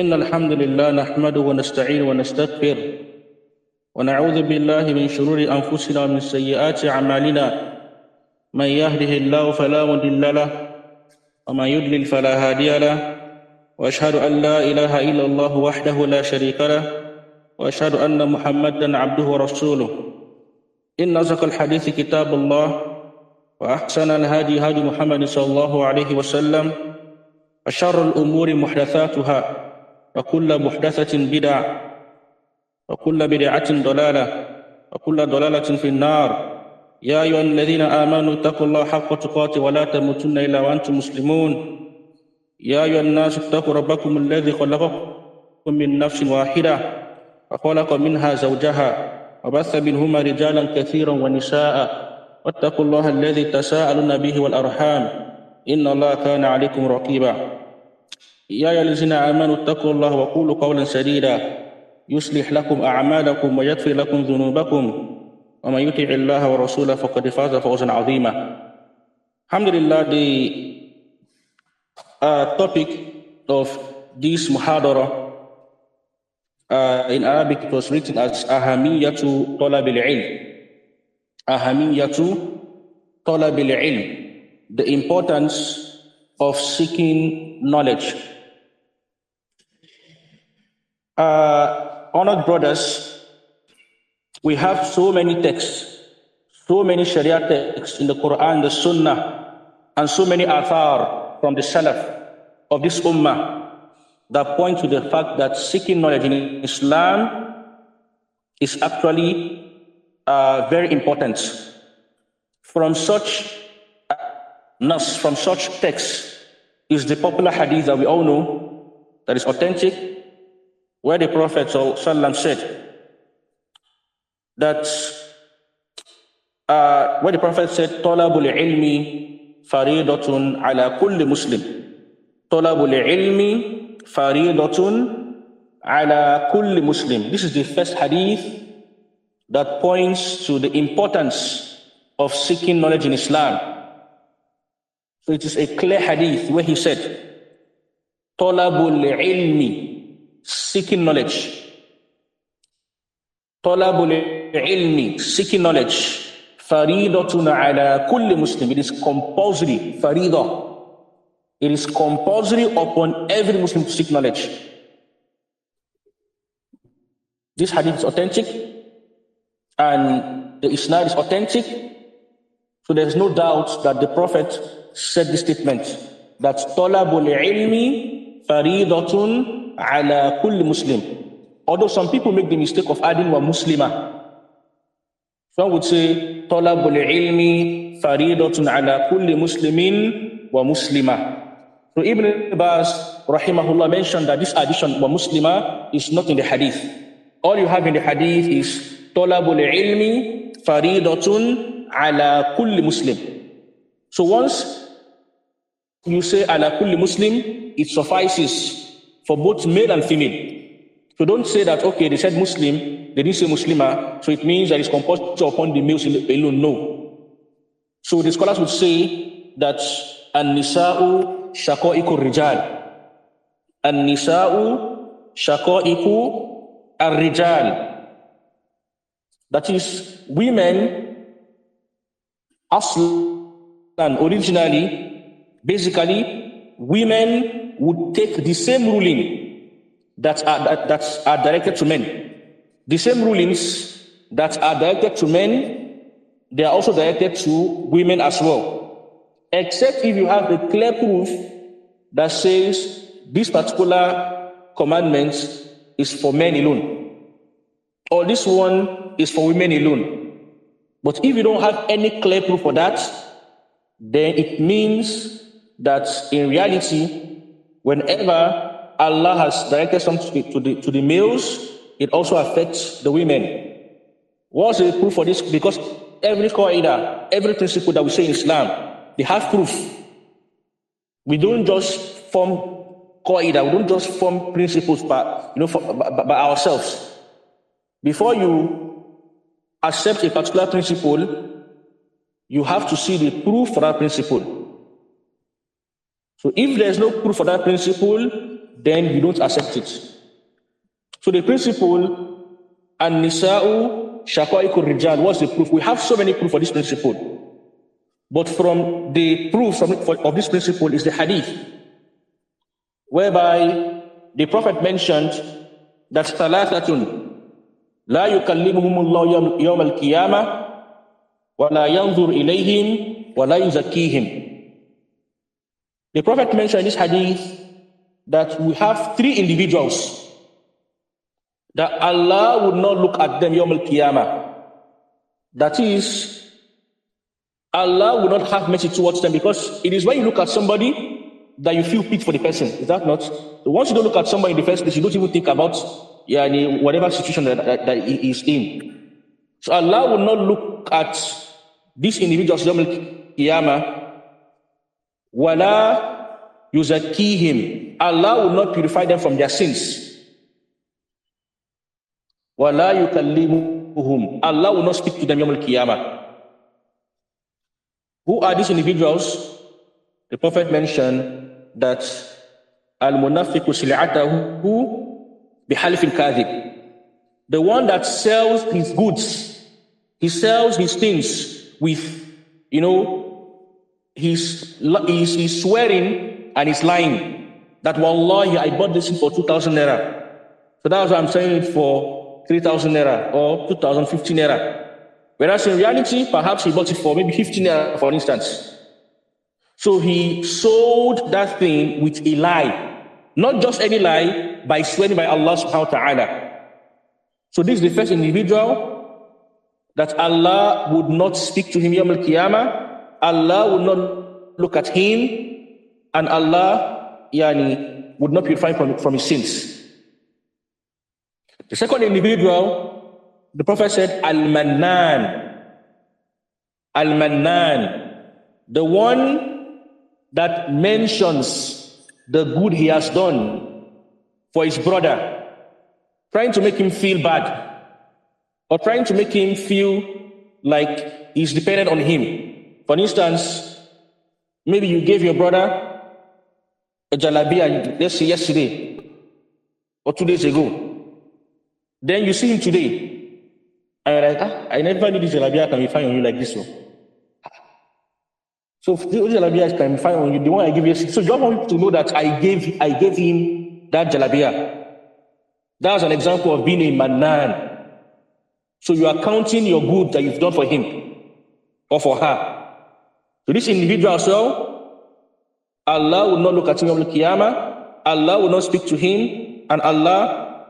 إن الحمد لله نحمده ونستعين ونستغفر ونعوذ بالله من شرور أنفسنا ومن سيئات أعمالنا من يهده الله فلا مضل له ومن يضلل فلا هادي له وأشهد أن لا إله إلا الله وحده لا شريك له وأشهد أن محمدا عبده ورسوله إن أصدق الحديث كتاب الله وأحسن الهادي هادي محمد صلى الله عليه وسلم وشر الأمور محدثاتها وكل محدثة بدع وكل بدعة ضلالة وكل ضلالة في النار يا أيها الذين آمنوا اتقوا الله حق تقاته ولا تموتن إلا وأنتم مسلمون يا أيها الناس اتقوا ربكم الذي خلقكم من نفس واحدة وخلق منها زوجها وبث منهما رجالا كثيرا ونساء واتقوا الله الذي تساءلون به والأرحام إن الله كان عليكم رقيبا يا أيها الذين آمنوا اتقوا الله وقولوا قولا سديدا يصلح لكم أعمالكم ويغفر لكم ذنوبكم ومن يطع الله ورسوله فقد فاز فوزا عظيما الحمد لله the uh, topic of this muhadara uh, in Arabic it was written as أهمية طلب العلم أهمية طلب العلم the importance of seeking knowledge Uh, honored brothers, we have so many texts, so many Sharia texts in the Quran, the Sunnah, and so many athar from the Salaf of this Ummah that point to the fact that seeking knowledge in Islam is actually uh, very important. From such uh, nas, from such texts, is the popular hadith that we all know that is authentic where the Prophet ﷺ said that uh, where the Prophet said, Tolabul ilmi faridatun ala kulli Muslim. Tolabul ilmi faridatun ala kulli Muslim. This is the first hadith that points to the importance of seeking knowledge in Islam. So it is a clear hadith where he said, Tolabul ilmi seeking knowledge. Talabul ilmi, seeking knowledge. Faridatun ala kulli Muslim. It is compulsory. Farida. It is compulsory upon every Muslim to seek knowledge. This hadith is authentic and the Isnad is authentic. So there's no doubt that the Prophet said this statement that Talabul ilmi faridatun ala kulli Muslim. Although some people make the mistake of adding wa muslima. Some would say, talabul ilmi faridatun ala kulli muslimin wa muslima. So Ibn Abbas, rahimahullah, mentioned that this addition wa muslima is not in the hadith. All you have in the hadith is talabul ilmi faridatun ala kulli muslim. So once you say ala kulli muslim, it suffices for both male and female. So don't say that, okay, they said Muslim, they didn't say Muslima, so it means that it's composed upon the males alone. No. So the scholars would say that An-Nisa'u Shako'iku Rijal. An-Nisa'u Shako'iku That is, women, Aslan, originally, basically, women would take the same ruling that are, that, that are directed to men. The same rulings that are directed to men, they are also directed to women as well. Except if you have a clear proof that says this particular commandment is for men alone, or this one is for women alone. But if you don't have any clear proof for that, then it means that in reality, whenever Allah has directed something to the, to the males, it also affects the women. What's the proof for this? Because every qaida, every principle that we say in Islam, they have proof. We don't just form qaida, we don't just form principles by, you know, for, by, by ourselves. Before you accept a particular principle, you have to see the proof for that principle. So if there's no proof for that principle, then you don't accept it. So the principle, and nisa'u shaqaiqur rijal, what's the proof? We have so many proof for this principle. But from the proof from, of this principle is the hadith, whereby the Prophet mentioned that thalathatun لا يكلمهم الله يوم القيامة ولا ينظر ilayhim, ولا yuzakihim. The Prophet mentioned this hadith that we have three individuals that Allah would not look at them Yom Al Qiyamah. That is, Allah would not have mercy towards them because it is when you look at somebody that you feel pity for the person. Is that not? Once you don't look at somebody in the first place, you don't even think about yeah, whatever situation that, that, that he is in. So Allah will not look at these individuals Yom Al Qiyamah Wala yuzakihim. Allah will not purify them from their sins. Wala yukallimuhum. Allah will not speak to them yom al-qiyamah. Who are these individuals? The Prophet mentioned that al-munafiqu sil'atahu bihalifin kadhib. The one that sells his goods, he sells his things with, you know, he's, he's, he's swearing and he's lying that wallahi, I bought this for 2,000 naira. So that's why I'm selling it for 3,000 naira or 2,015 naira. Whereas in reality, perhaps he bought it for maybe 15 naira, for instance. So he sold that thing with a lie. Not just any lie, by swearing by Allah subhanahu wa ta'ala. So this is the first individual that Allah would not speak to him Yom al-Qiyamah Allah would not look at him and Allah yani, would not purify him from, from his sins. The second individual, the Prophet said, Al Mannan. Al Mannan. The one that mentions the good he has done for his brother, trying to make him feel bad or trying to make him feel like he's dependent on him. For instance, maybe you gave your brother a jalabia, let's say yesterday or two days ago. Then you see him today, and you're like, ah, I never knew this jalabia can be found on you like this. Oh. So this jalabias can be found on you, the one I gave you. So you want to know that I gave I gave him that jalabia. That's an example of being a manan. So you are counting your good that you've done for him or for her. To this individual as well, Allah will not look at him on the Qiyamah, Allah will not speak to him, and Allah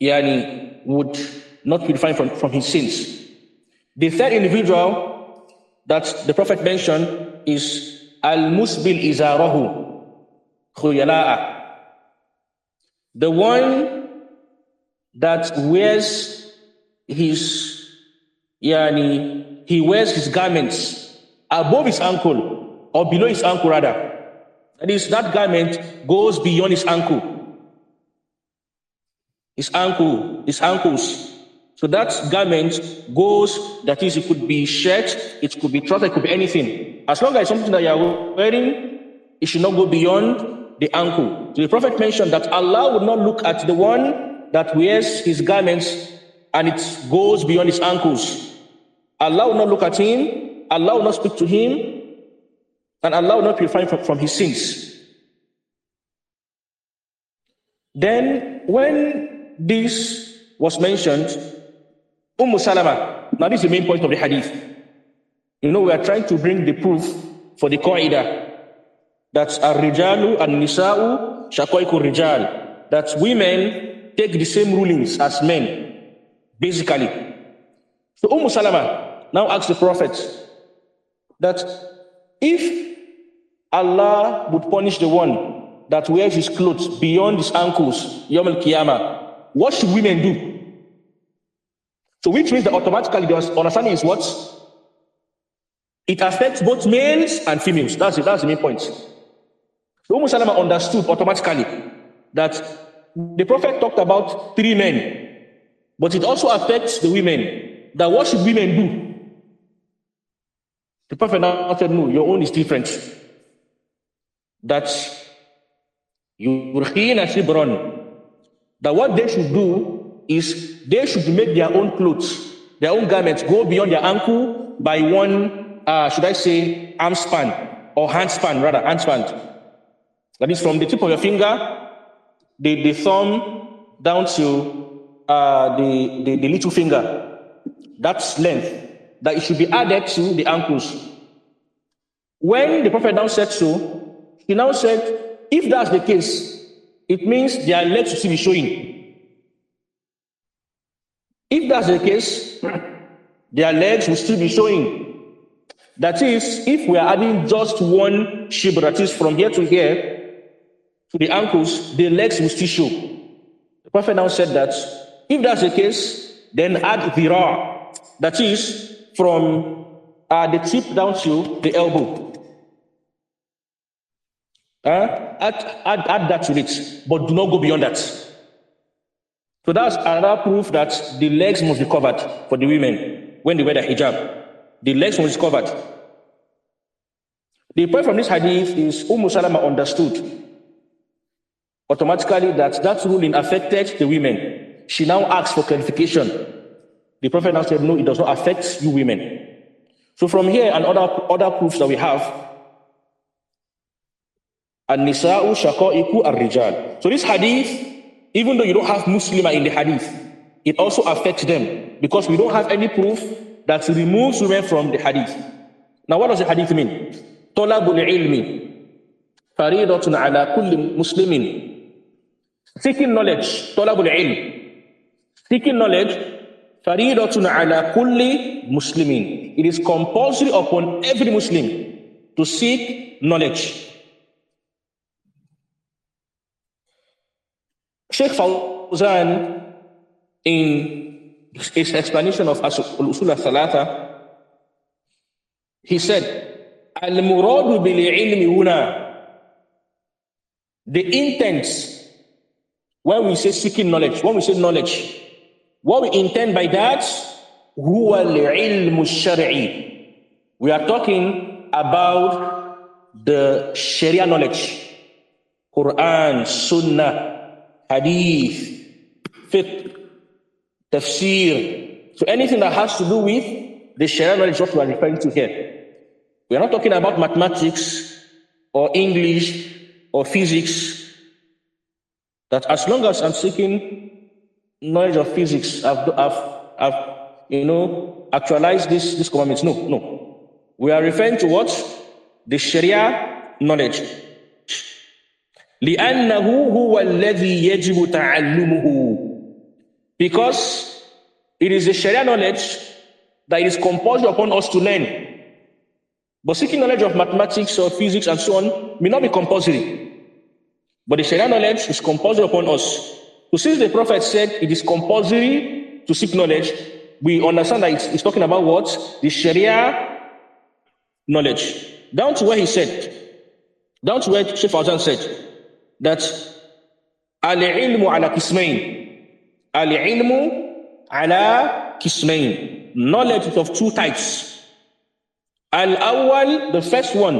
yani, would not purify him from, from his sins. The third individual that the Prophet mentioned is Al Musbil Izarahu Khuyala'a. The one that wears his yani, he wears his garments above his ankle or below his ankle rather. That is, that garment goes beyond his ankle. His ankle, his ankles. So that garment goes, that is, it could be shirt, it could be trouser, it could be anything. As long as it's something that you are wearing, it should not go beyond the ankle. So the Prophet mentioned that Allah would not look at the one that wears his garments and it goes beyond his ankles. Allah will not look at him Allah will not speak to him, and Allah will not purify him from, from his sins. Then, when this was mentioned, Umm Salama, now this is the main point of the hadith. You know, we are trying to bring the proof for the qaida that ar-rijalu and nisau shaqaiqur rijal that women take the same rulings as men basically so Umm Salama now asks the prophet that if Allah would punish the one that wears his clothes beyond his ankles, Yom al Qiyamah, what should women do? So, which means that automatically the understanding is what? It affects both males and females. That's it, that's the main point. The Umm Salama understood automatically that the Prophet talked about three men, but it also affects the women. That what should women do? The prophet now said, No, your own is different. That Yurkhina Shibron. That what they should do is they should make their own clothes, their own garments go beyond their ankle by one, uh, should I say, arm span or hand span, rather, hand span. That is from the tip of your finger, the, the thumb down to uh, the, the, the little finger. That's length that it should be added to the ankles. When the prophet now said so, he now said, if that's the case, it means their legs will still be showing. If that's the case, their legs will still be showing. That is, if we are adding just one shibra, that is from here to here, to the ankles, the legs will still show. The Prophet now said that if that's the case, then add the raw. that is, from uh, the tip down to the elbow. Huh? Add, add, add that to it, but do not go beyond that. So that's another proof that the legs must be covered for the women when they wear the hijab. The legs must be covered. The point from this hadith is Umm Salama understood automatically that that ruling affected the women. She now asks for clarification the Prophet now said, No, it does not affect you women. So from here and other, other proofs that we have, An-nisa'u shaqa'iku ar-rijal. So this hadith, even though you don't have Muslimah in the hadith, it also affects them because we don't have any proof that removes women from the hadith. Now what does the hadith mean? Talabul ilmi. Faridatun ala kulli muslimin. Seeking knowledge. Talabul ilm. Seeking knowledge Faridatun ala kulli muslimin. It is compulsory upon every Muslim to seek knowledge. Sheikh Fawzan, in his explanation of Usul al-Thalatha, he said, Al-muradu bil-ilmi huna. The intent, when we say seeking knowledge, when we say knowledge, What we intend by that, huwa al-ilm We are talking about the Sharia knowledge. Quran, Sunnah, Hadith, Fiqh, Tafsir. So anything that has to do with the Sharia knowledge, what we are referring to here. We are not talking about mathematics or English or physics. That as long as I'm seeking knowledge of physics, have have have you know, actualized this, these commandments. No, no. We are referring to what? The Sharia knowledge. لأنه هو الذي يجب تعلمه because it is the Sharia knowledge that is composed upon us to learn. But seeking knowledge of mathematics or physics and so on may not be compulsory. But the Sharia knowledge is composed upon us. So since the prophet said it is compulsory to seek knowledge, we understand that he's talking about what? The Sharia knowledge. Down to where he said, down to where Sheikh Fawzan said, that al-ilmu ala kismain. Al-ilmu ala kismain. Knowledge is of two types. Al-awwal, the first one,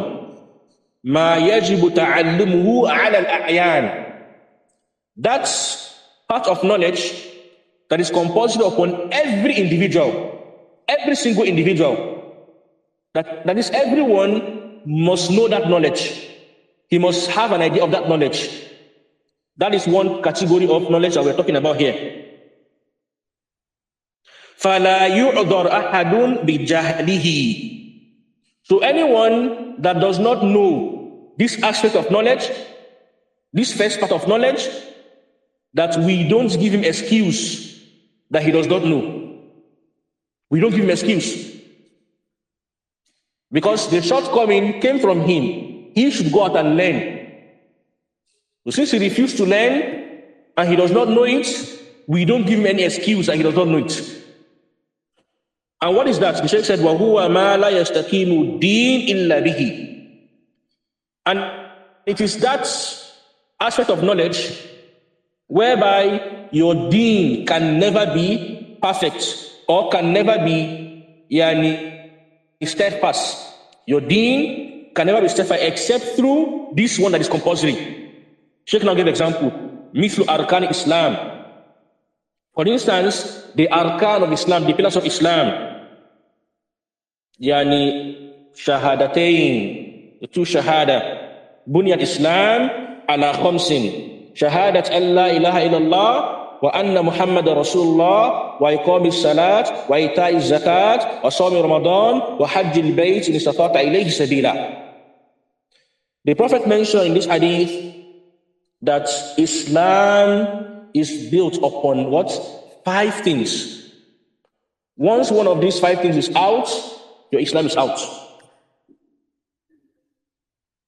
ma ما يجب ala al الأعيان. That's part of knowledge that is compulsory upon every individual, every single individual. That, that is, everyone must know that knowledge. He must have an idea of that knowledge. That is one category of knowledge that we're talking about here. فَلَا أَحَدٌ بِجَهْلِهِ So anyone that does not know this aspect of knowledge, this first part of knowledge, that we don't give him excuse that he does not know. We don't give him excuse. Because the shortcoming came from him. He should go out and learn. But since he refused to learn and he does not know it, we don't give him any excuse and he does not know it. And what is that? The Sheikh said, وَهُوَ ma la yastakimu الدِّينِ illa بِهِ And it is that aspect of knowledge whereby your deen can never be perfect or can never be yani, steadfast. Your deen can never be steadfast except through this one that is compulsory. Sheikh now gave example. Mithlu Arkan Islam. For instance, the Arkan of Islam, the pillars of Islam. Yani Shahadatain, the two Shahada. Bunyat Islam ala Khomsin shahadat Allā ilaha illallah wa anna Muhammad Rasulullah wa iqami salat wa itai zakat wa sawmi Ramadan wa hajjil bayt in istatata ilayhi sabila. The Prophet mentioned in this hadith that Islam is built upon what? Five things. Once one of these five things is out, your Islam is out.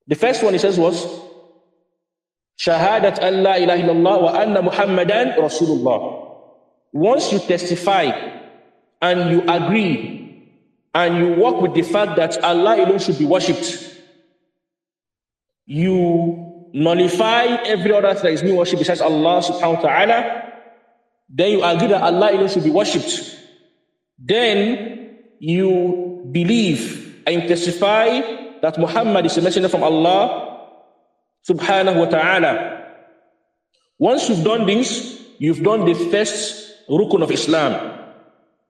The first one he says was Shahadat Allah ilaha illallah wa anna Muhammadan Rasulullah. Once you testify and you agree and you work with the fact that Allah alone should be worshipped, you nullify every other thing that is new worship besides Allah subhanahu wa ta'ala, then you agree that Allah alone should be worshipped. Then you believe and testify that Muhammad is a messenger from Allah subhanahu wa ta'ala. Once you've done this, you've done the first rukun of Islam,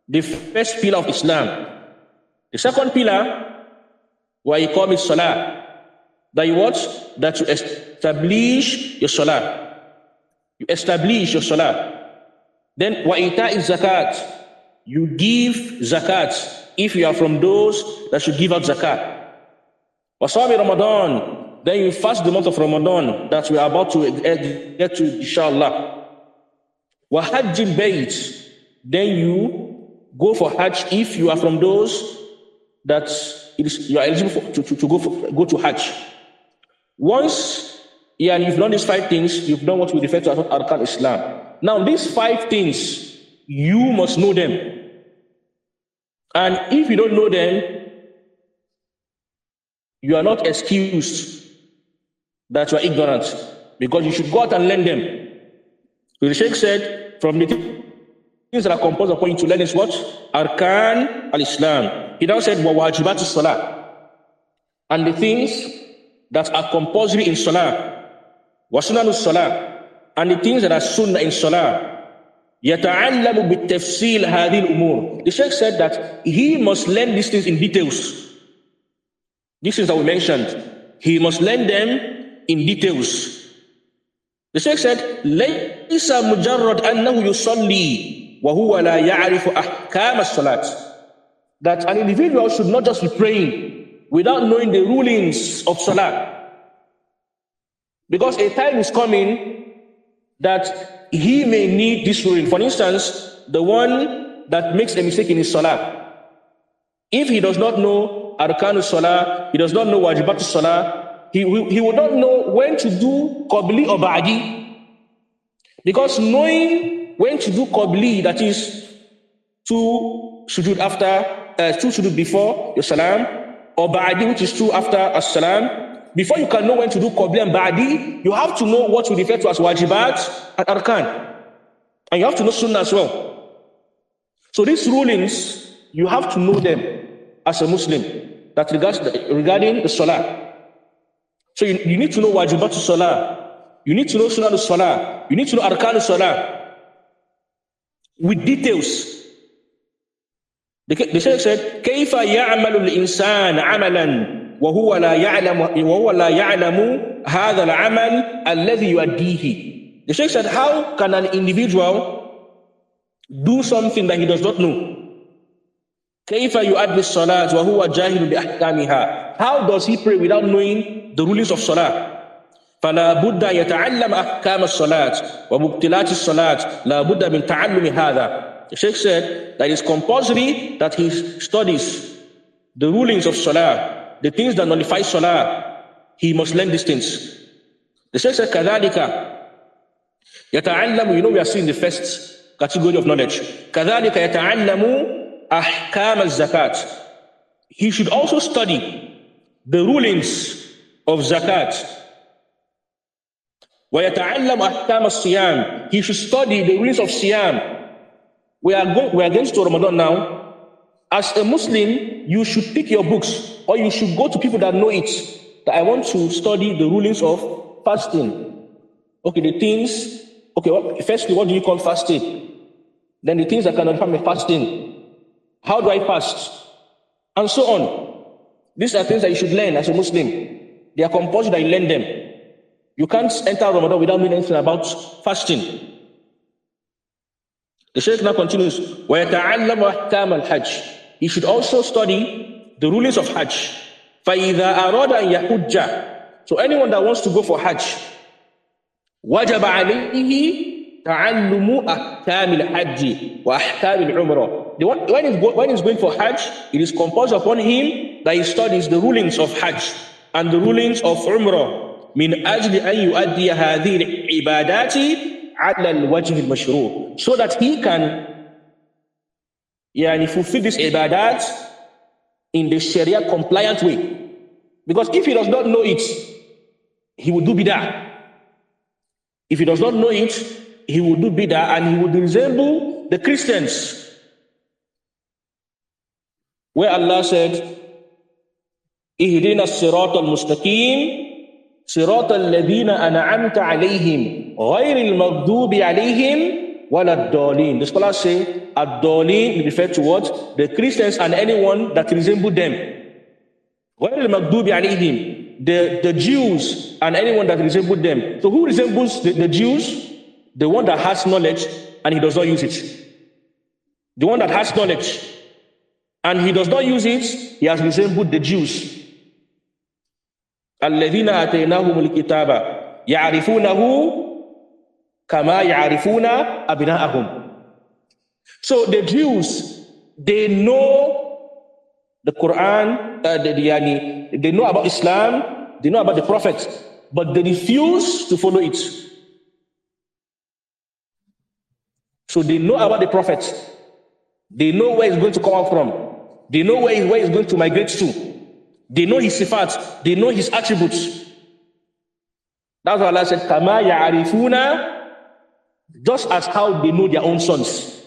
the first pillar of Islam. The second pillar, where you call it salah, that you what? That you establish your salah. You establish your salah. Then wa'ita is zakat. You give zakat if you are from those that should give out zakat. Wasabi Ramadan, then you fast the month of Ramadan that we are about to get to, inshallah. Wahajj bait. Then you go for Hajj if you are from those that you are eligible for, to, to, to, go, for, go to Hajj. Once yeah, and you've done these five things, you've done what we refer to as Arkan Islam. Now, these five things, you must know them. And if you don't know them, you are not excused that you are ignorant because you should go out and learn them. So the Sheikh said, from the things that are composed upon you to learn is what? Arkan al Islam. He now said, Wawajibat Salah. And the things that are compulsory in Salah, Wasunanu Salah. And the things that are sunnah in Salah. يتعلم tafsil hadil umur. The Sheikh said that he must learn these things in details. These things that we mentioned. He must learn them in details. The Sheikh said, ليس مجرد أنه يصلي وهو لا يعرف أحكام الصلاة. That an individual should not just be praying without knowing the rulings of Salah. Because a time is coming that he may need this ruling. For instance, the one that makes a mistake in his Salah. If he does not know Arkanu Salah, he does not know Wajibatu Salah, he, he not know when to do qabli or ba'di. Because knowing when to do qabli, that is two sujud after, uh, two sujud before your salam, or ba'di, which is two after as-salam, before you can know when to do qabli and ba'di, you have to know what we refer to as wajibat and arkan. And you have to know sunnah as well. So these rulings, you have to know them as a Muslim that regards the, regarding the salah. So you, you need to know wajibatu salah. You need to know sunnah salah. You need to know arkan salah. With details. The, the Shaykh said, كَيْفَ يَعْمَلُ الْإِنسَانَ عَمَلًا وَهُوَ لَا يَعْلَمُ, وهو لا يعلم هَذَا الْعَمَلْ الَّذِي يُؤَدِّيهِ The Shaykh said, how can an individual do something that he does not know? كَيْفَ يُؤَدِّي الصَّلَاةِ وَهُوَ جَاهِلُ بِأَحْكَامِهَا How does he pray without knowing the rulings of Salah. فلا بد يتعلم أحكام الصلاة ومبتلات الصلاة لا بد من تعلم هذا the Sheikh said that it's compulsory that he studies the rulings of Salah, the things that nullify Salah. He must learn these things. The Sheikh said, كَذَلِكَ يَتَعَلَّمُ You know we are seeing the first category of knowledge. كَذَلِكَ يَتَعَلَّمُ أَحْكَامَ الزَّكَاةِ He should also study the rulings of zakat. وَيَتَعَلَّمُ أَحْكَامَ الصِّيَامِ He should study the rules of Siyam. We are, going, we are going to Ramadan now. As a Muslim, you should pick your books or you should go to people that know it. That I want to study the rulings of fasting. Okay, the things. Okay, what, firstly, what do you call fasting? Then the things that can affect my fasting. How do I fast? And so on. These are things that you should learn as a Muslim. They are compulsory that you learn them. You can't enter Ramadan without knowing anything about fasting. The Shaykh now continues, He should also study the rulings of Hajj. أَرَادَ أَنْ يَحُجَّ So anyone that wants to go for Hajj, وَجَبَ عَلَيْهِ تَعَلُّمُ أَحْكَامِ الْحَجِّ وَأَحْكَامِ الْعُمْرَةِ when, he's go, when he's going for Hajj, it is composed upon him that he studies the rulings of Hajj and the rulings of Umrah min ajli an yu'addi hadhihi ibadati ala al-wajh al-mashru' so that he can yani fulfill these ibadat in the sharia compliant way because if he does not know it he will do bidah if he does not know it he will do bidah and he would resemble the christians where allah said Ihdina siratal المستقيم صراط الذين أنعمت عليهم غير المغضوب عليهم ولا الضالين. The scholars say, الضالين refer to what? The Christians and anyone that resemble them. غير المغضوب عليهم. The, the Jews and anyone that resembles them. So who resembles the, the Jews? The one that has knowledge and he does not use it. The one that has knowledge and he does not use it, he has resembled the Jews. الذين atainahumul الكتاب يعرفونه كما يعرفون أبناءهم. so the jews they know the quran uh, the, yani, they know about islam they know about the prophets but they refuse to follow it so they know about the prophets they know where it's going to come out from they know where, where it's going to migrate to they know his sifat, they know his attributes. That's why Allah said, Kama ya'arifuna, just as how they know their own sons.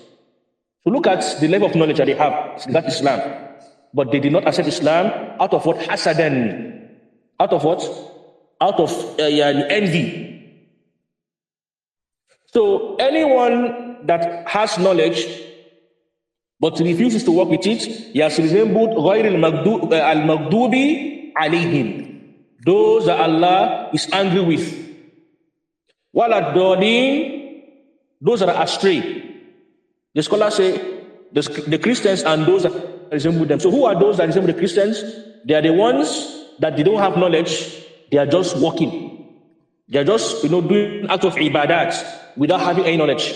So look at the level of knowledge that they have. That is Islam. But they did not accept Islam out of what? Hasadan. Out of what? Out of uh, envy. So anyone that has knowledge but refuses to work with it, he has resembled al-maghdubi uh, alayhim, those that Allah is angry with. While adoring those that are astray. The scholars say the, the Christians and those that resemble them. So who are those that resemble the Christians? They are the ones that they don't have knowledge. They are just walking. They are just, you know, doing acts of ibadat without having any knowledge.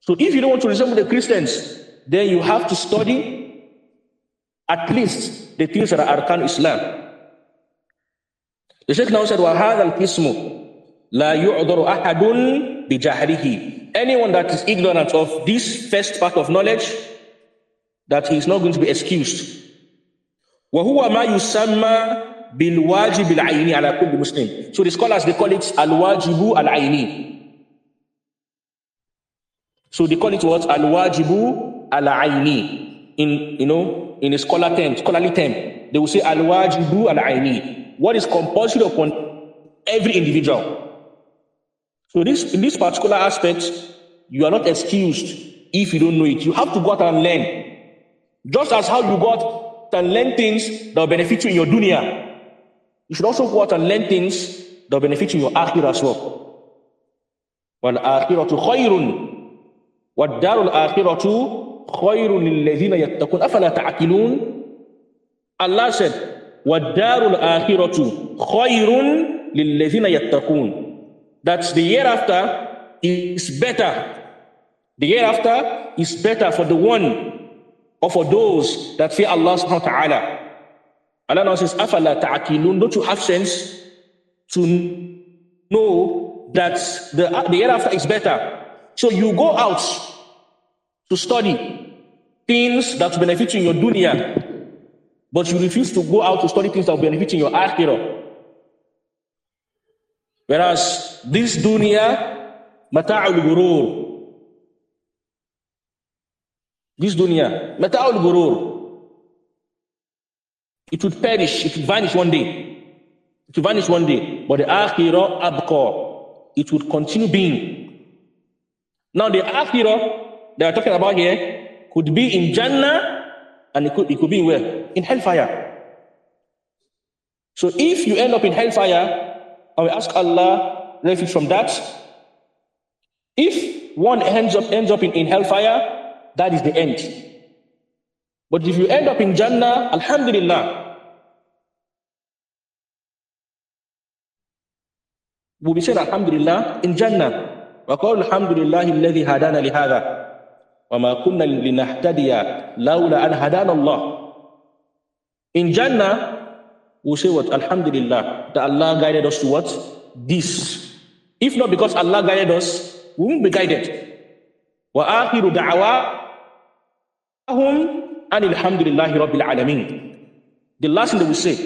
So if you don't want to resemble the Christians, then you have to study at least the things that are arkan Islam. The Sheikh now said, وَهَذَا الْقِسْمُ لَا يُعْضَرُ أَحَدٌ بِجَهْلِهِ Anyone that is ignorant of this first part of knowledge, that he is not going to be excused. وَهُوَ مَا يُسَمَّى بِالْوَاجِبِ الْعَيْنِ عَلَى كُلِّ مُسْلِمٍ So the scholars, they call it al-wajibu So they call it what? al al aini. In you know, in a scholar term, scholarly term, they will say al wajibu al aini. What is compulsory upon every individual. So this in this particular aspect, you are not excused if you don't know it. You have to go out and learn. Just as how you got to and learn things that will benefit you in your dunya, you should also go out and learn things that will benefit you in your akhirah as well. والآخرة خير والدار الآخرة خير للذين يتقون أفلا تعقلون said وَالدَّارُ الْآخِرَةُ خَيْرٌ لِلَّذِينَ يَتَّقُونَ That the year after is better. The year after is better for the one or for those that fear Allah subhanahu wa ta'ala. Allah now says, أَفَلَا تَعْقِلُونَ Don't you have sense to know that the, the year after is better? So you go out to study things that benefit you in your dunya, but you refuse to go out to study things that benefit in your akhirah. Whereas this dunya, mata'ul gurur. This dunya, mata'ul gurur. It would perish, it would vanish one day. It would vanish one day. But the akhirah abqa, it would continue being. Now the akhirah they are talking about here could be in Jannah and it could, it could be where? In hellfire. So if you end up in hellfire, I will ask Allah refuge from that. If one ends up ends up in, in hellfire, that is the end. But if you end up in Jannah, Alhamdulillah. We'll be saying Alhamdulillah in Jannah. وقول الحمد لله الذي هدانا لهذا وما كنا لنهتدي لولا أن هدانا الله إن جنة وسوت الحمد لله Alhamdulillah that Allah guided us towards this if not because Allah guided us we won't be guided وآخر دعواهم أن الحمد لله رب العالمين the last thing that we say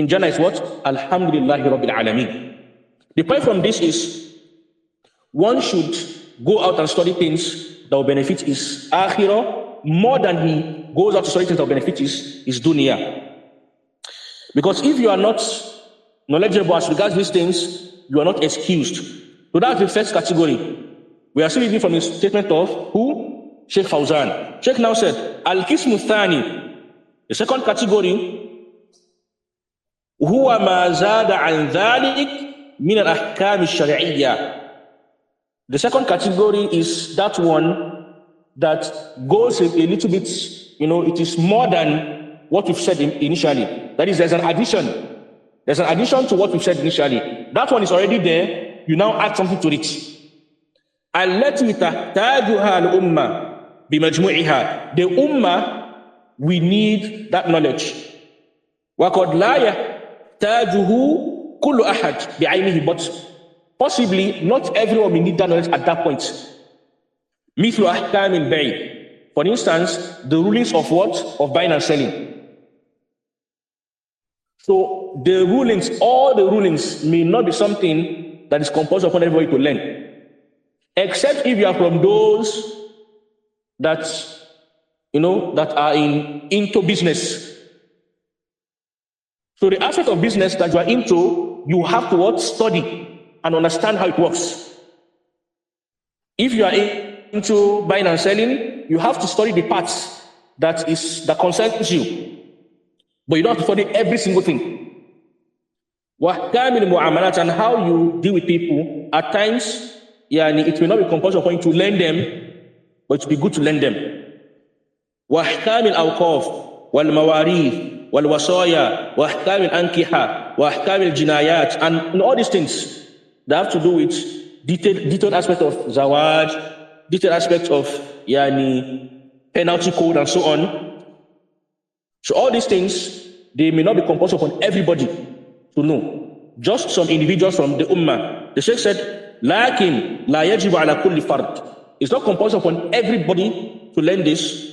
in Jannah is what الحمد لله رب العالمين the point from this is one should go out and study things that will benefit his akhirah more than he goes out to solicit that will benefit his, his dunya. Because if you are not knowledgeable as regards these things, you are not excused. So that's the first category. We are still reading from his statement of who? Sheikh Fauzan. Sheikh now said, Al Kismu Thani. The second category, هو ما زاد عن ذلك من الأحكام الشرعية the second category is that one that goes a, a little bit, you know, it is more than what we've said in, initially. That is, there's an addition. There's an addition to what we've said initially. That one is already there. You now add something to it. التي تحتاجها الأمة بمجموعها. The ummah, we need that knowledge. وقد لا يحتاجه كل أحد بعينه but Possibly, not everyone will need that knowledge at that point. Mithlu ahkam in bay. For instance, the rulings of what? Of buying and selling. So the rulings, all the rulings may not be something that is composed upon everybody to learn. Except if you are from those that you know that are in into business. So the aspect of business that you are into, you have to what study and understand how it works. If you are into buying and selling, you have to study the parts that is that concerns you. But you don't have to study every single thing. Wahkamil mu'amalat and how you deal with people, at times, Yeah, it may not be compulsory for you to learn them, but it will be good to learn them. Wahkamil awqaf wal mawarith wal wasaya wahkamil ankiha wahkamil jinayat and all these things they have to do with detailed, detailed aspect of zawaj, detailed aspect of yani penalty code and so on. So all these things they may not be compulsory upon everybody to know. Just some individuals from the ummah. The sheikh said, "Lakin la yajibu ala kulli fard." It's not compulsory upon everybody to learn this.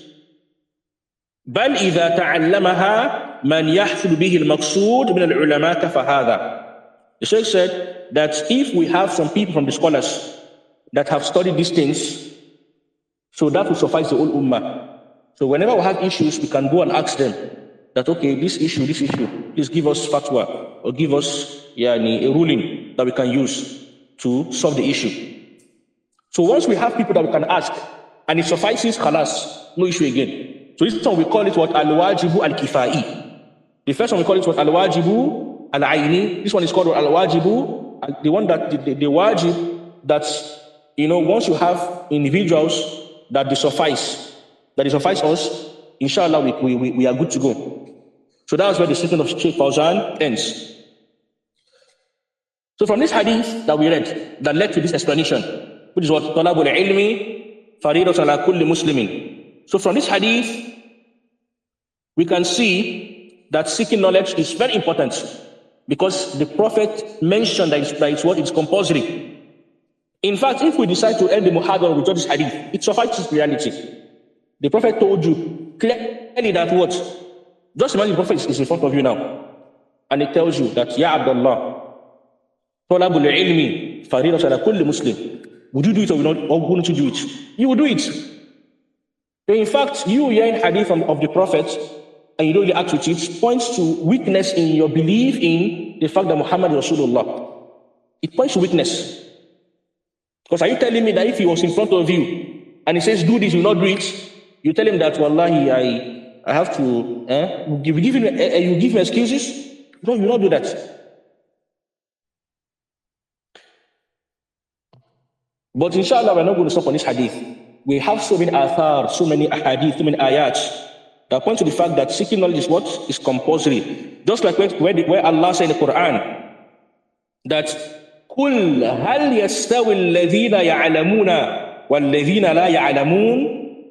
بل إذا تعلمها من يحصل به المقصود من العلماء فهذا the Sheikh said that if we have some people from the scholars that have studied these things, so that will suffice the whole ummah. So whenever we have issues, we can go and ask them that, okay, this issue, this issue, please give us fatwa or give us yani, a ruling that we can use to solve the issue. So once we have people that we can ask, and it suffices, khalas, no issue again. So this one we call it what al-wajibu al-kifai. The first one we call it what al-wajibu al aini. This one is called al wajibu, the one that the, the, the wajib that you know once you have individuals that they suffice, that they suffice us, inshallah we, we, we are good to go. So that's where the statement of Sheikh Fauzan ends. So from this hadith that we read, that led to this explanation, which is what talabul ilmi faridat ala kulli muslimin. So from this hadith, we can see that seeking knowledge is very important because the prophet mentioned that it's, that it's compulsory. In fact, if we decide to end the Muharram with this hadith, it suffices reality. The prophet told you clearly that what? Just imagine the prophet is in front of you now. And he tells you that, Ya Abdullah, Talabul ilmi, faridat ala kulli Muslim. Would you do it or, not, or wouldn't you do it? You will do it. In fact, you hearing hadith of the prophet and you don't really act with it, points to weakness in your belief in the fact that Muhammad is Rasulullah. It points to weakness. Because are you telling me that if he was in front of you and he says, do this, you will not do it, you tell him that, Wallahi, I, I have to, eh? you, give him, eh, eh you give him excuses? No, you will not do that. But inshallah, we're not going to stop on this hadith. We have so many athar, so many hadith, so many ayats that point to the fact that seeking knowledge is what? Is compulsory. Just like where, where Allah said in the Quran that قل هل يستوي الذين يعلمون والذين la ya'lamun,"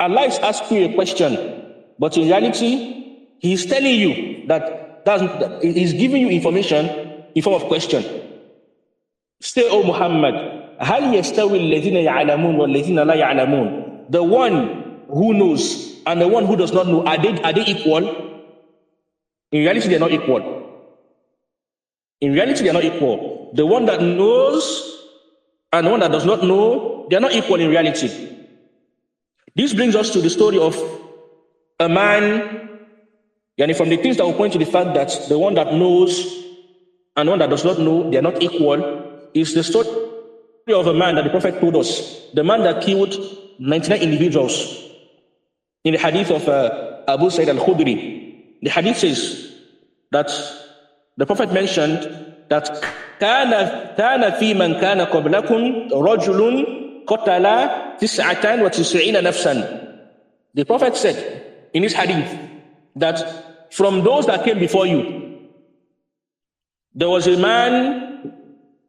Allah is asking you a question, but in reality, He is telling you that, that He's giving you information in form of question. Say, O oh Muhammad, هل يستوي الذين يعلمون والذين لا يعلمون The one who knows and the one who does not know, are they, are they equal? In reality, they're not equal. In reality, they're not equal. The one that knows and the one that does not know, they're not equal in reality. This brings us to the story of a man, and from the things that will point to the fact that the one that knows and the one that does not know, they're not equal, is the story of a man that the prophet told us. The man that killed 99 individuals in the hadith of uh, Abu Said al Khudri, the hadith says that the Prophet mentioned that كان كان في من كان قبلكم رجل قتل تسعة وتسعين نفسا. The Prophet said in his hadith that from those that came before you, there was a man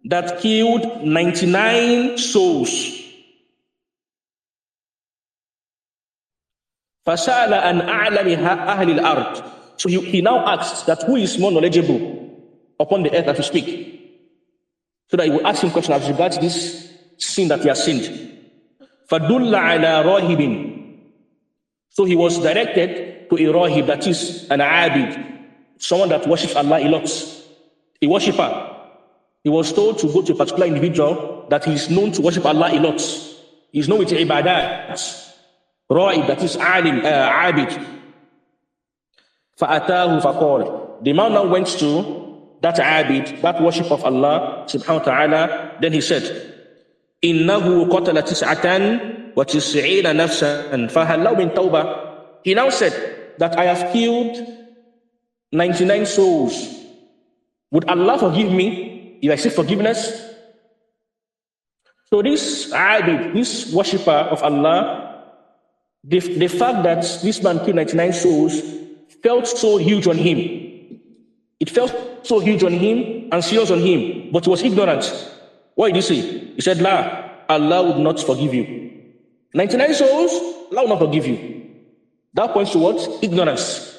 that killed 99 souls. Fasala an a'lami ahli al-ard. So he, he now asks that who is more knowledgeable upon the earth as we speak. So that he will ask him question as regards this sin that he has sinned. فَدُلَّ عَلَى rahibin. So he was directed to a rahib, that is an abid, someone that worships Allah a lot, a worshipper. He was told to go to a particular individual that he is known to worship Allah a lot. He's known with ibadat. Rai that is alim, uh, abid. فَأَتَاهُ فَقَالَ The man now went to that abid, that worship of Allah subhanahu wa ta'ala. Then he said, إِنَّهُ قَتَلَ تِسْعَةً وَتِسْعِينَ نَفْسًا nafsan لَوْ min tawba. He now said that I have killed 99 souls. Would Allah forgive me if I seek forgiveness? So this abid, this worshipper of Allah the, the fact that this man killed 99 souls felt so huge on him. It felt so huge on him and serious on him, but he was ignorant. Why did he say? He said, La, Allah would not forgive you. 99 souls, Allah will not forgive you. That points to what? Ignorance.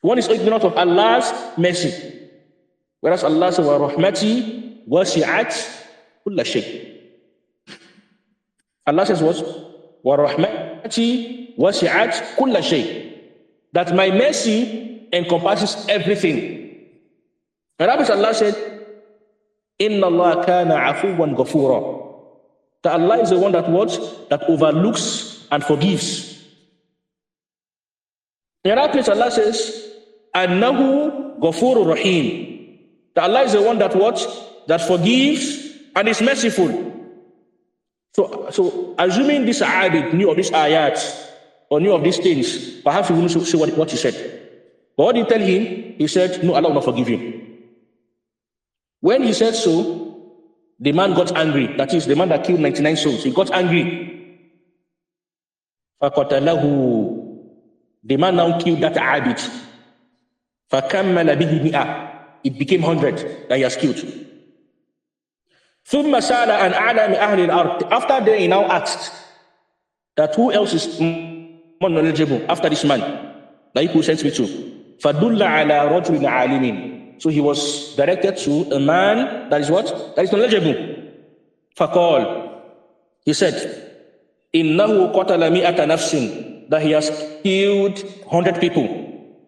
One is ignorant of Allah's mercy. Whereas Allah says, Wa rahmati wasi'at kulla shay. Allah says what? Wa rahmati rahmati wasi'at kulla shay. That my mercy encompasses everything. And Rabbi Allah said, Inna Allah kana afuwan Gafura." That Allah is the one that watches, That overlooks and forgives. In another Allah says, Annahu ghafuru rahim. That Allah is the one that watches, That forgives and is merciful. So, so assuming this Abid knew of these ayat or knew of these things, perhaps he wouldn't see what, what he said. But what did he tell him? He said, No, Allah will not forgive you. When he said so, the man got angry. That is, the man that killed 99 souls, he got angry. فَقَتَلَهُ The man now killed that Abid. فَكَمَّلَ بِهِ It became 100 that he has killed. ثم سأل after they now asked that who else is more knowledgeable after this man that who sent me to فدل على رجل عالم so he was directed to a man that is what that is knowledgeable call, he said "In قتل مئة نفس that he has killed 100 people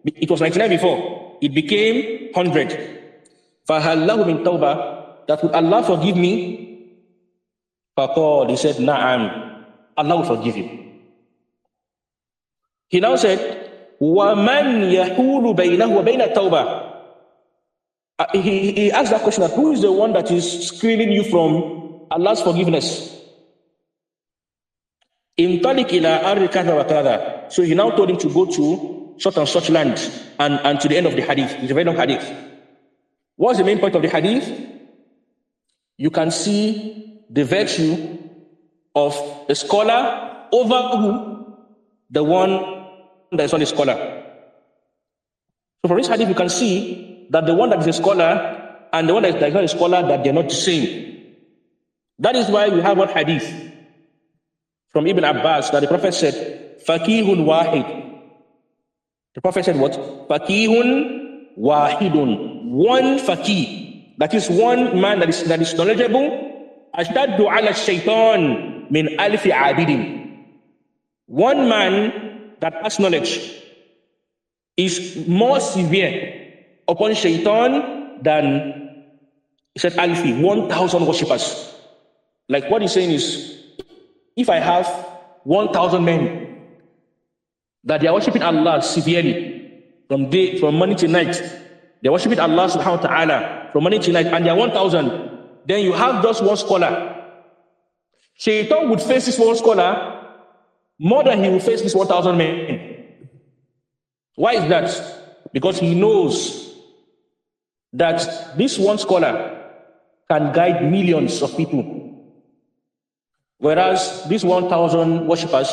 it was 99 before it became 100 فهل له من that would Allah forgive me? Faqal, he said, Na'am, Allah will forgive you. He now said, وَمَنْ يَحُولُ بَيْنَهُ وَبَيْنَ التَّوْبَةِ he, he asked that question who is the one that is screening you from Allah's forgiveness? In So he now told him to go to such and such land and, and to the end of the hadith. It's a very long hadith. What's the main point of the hadith? you can see the virtue of a scholar over who the one that is not a scholar. So from this hadith, you can see that the one that is a scholar and the one that is not a scholar, that they are not the same. That is why we have one hadith from Ibn Abbas that the Prophet said, Fakihun wahid. The Prophet said what? Fakihun wahidun. One faqih that is one man that is, that is knowledgeable. Ashaddu ala shaitan min alifi abidin. One man that has knowledge is more severe upon shaitan than, he said, alfi, 1,000 worshippers. Like what he's saying is, if I have 1,000 men that they are worshipping Allah severely from day, from morning to night, they worship it Allah subhanahu wa ta'ala from morning to night, and there are 1,000. Then you have just one scholar. Shaitan would face this one scholar more than he would face this 1,000 men. Why is that? Because he knows that this one scholar can guide millions of people. Whereas these 1,000 worshippers,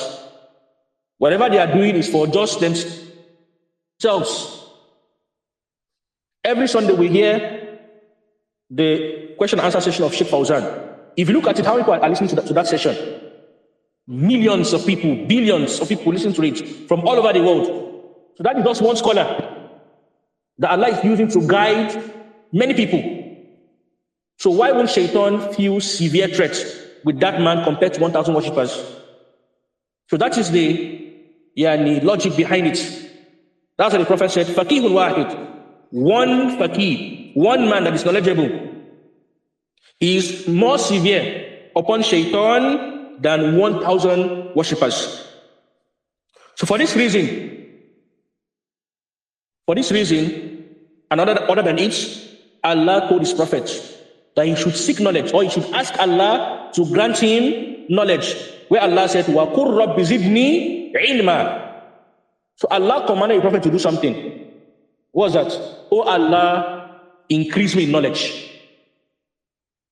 whatever they are doing is for just themselves. Every Sunday we hear the question and answer session of Sheikh Fauzan. If you look at it, how many people are listening to that, to that session? Millions of people, billions of people listen to it from all over the world. So that is just one scholar that Allah is using to guide many people. So why will Shaitan feel severe threats with that man compared to 1,000 worshippers? So that is the the logic behind it. That's what the Prophet said, one faqih, one man that is knowledgeable, is more severe upon shaitan than 1,000 worshippers. So for this reason, for this reason, another other than it, Allah told his prophet that he should seek knowledge or he should ask Allah to grant him knowledge. Where Allah said, Wa rabbi zidni ilma. So Allah commanded the prophet to do something. What was that? Oh Allah, increase me in knowledge.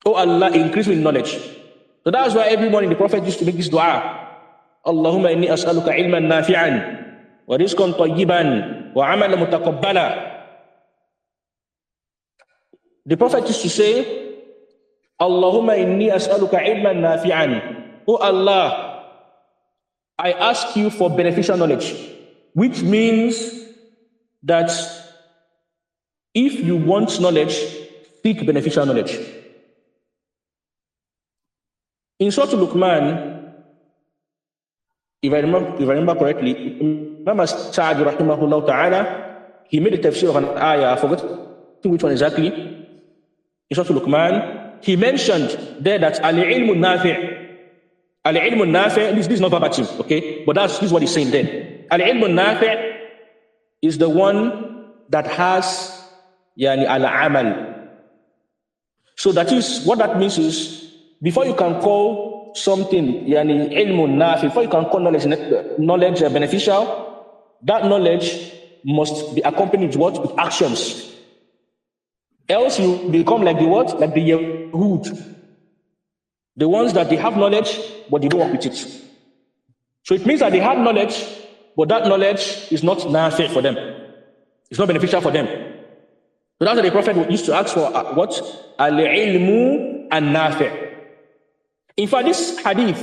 Oh Allah, increase me in knowledge. So that's why every morning the Prophet used to make this dua. Allahumma inni as'aluka ilman nafi'an wa rizqan tayyiban wa amalan mutaqabbala. The Prophet used to say, Allahumma inni as'aluka ilman nafi'an. Oh Allah, I ask you for beneficial knowledge, which means that if you want knowledge, seek beneficial knowledge. In Surah if I remember, if I remember correctly, Imam rahimahullah ta'ala, he made a tafsir of an ayah, I forgot which one exactly. In Surah he mentioned there that al-ilmu nafi' al-ilmu nafi' this, this is not verbatim, okay? But that's this is what he's saying there. Al-ilmu nafi' is the one that has yani al amal. So that is what that means is before you can call something yani ilmun before you can call knowledge knowledge uh, beneficial, that knowledge must be accompanied with what with actions. Else you become like the what like the Yehud, the ones that they have knowledge but they don't work with it. So it means that they have knowledge, but that knowledge is not nafi for them. It's not beneficial for them. So that's what the Prophet used to ask for uh, what? Al-ilmu an-nafi'. In fact, this hadith